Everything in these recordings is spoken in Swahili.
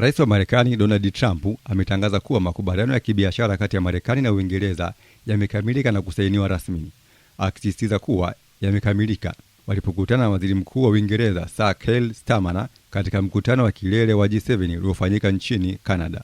Rais wa Marekani Donald Trump ametangaza kuwa makubaliano ya kibiashara kati ya Marekani na Uingereza yamekamilika na kusainiwa rasmi, akisisitiza kuwa yamekamilika walipokutana na waziri mkuu wa Uingereza Sir Keir Starmer katika mkutano wa kilele wa G7 uliofanyika nchini Canada.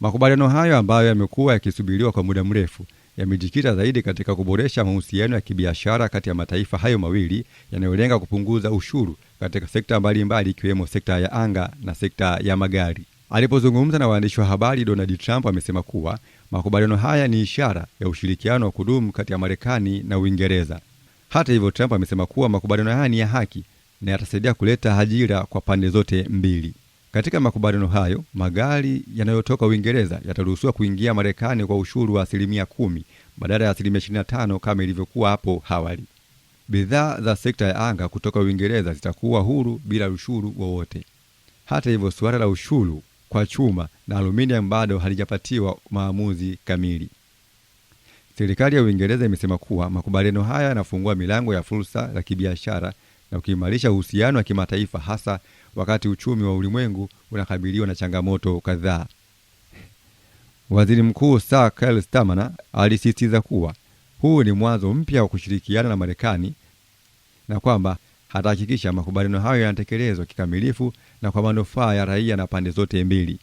Makubaliano hayo ambayo yamekuwa yakisubiriwa kwa muda mrefu yamejikita zaidi katika kuboresha mahusiano ya kibiashara kati ya mataifa hayo mawili yanayolenga kupunguza ushuru katika sekta mbalimbali ikiwemo mbali sekta ya anga na sekta ya magari. Alipozungumza na waandishi wa habari, Donald Trump amesema kuwa makubaliano haya ni ishara ya ushirikiano wa kudumu kati ya Marekani na Uingereza. Hata hivyo, Trump amesema kuwa makubaliano haya ni ya haki na yatasaidia kuleta ajira kwa pande zote mbili. Katika makubaliano hayo, magari yanayotoka Uingereza yataruhusiwa kuingia Marekani kwa ushuru wa asilimia kumi badala ya asilimia tano kama ilivyokuwa hapo awali. Bidhaa za sekta ya anga kutoka Uingereza zitakuwa huru bila ushuru wowote. Hata hivyo, suala la ushuru kwa chuma na aluminium bado halijapatiwa maamuzi kamili. Serikali ya Uingereza imesema kuwa makubaliano haya yanafungua milango ya fursa za kibiashara na kuimarisha uhusiano wa kimataifa hasa wakati uchumi wa ulimwengu unakabiliwa na changamoto kadhaa. Waziri Mkuu Sir Keir Starmer alisisitiza kuwa huu ni mwanzo mpya wa kushirikiana na Marekani na kwamba hatahakikisha makubaliano hayo yanatekelezwa kikamilifu na kwa manufaa ya raia na pande zote mbili.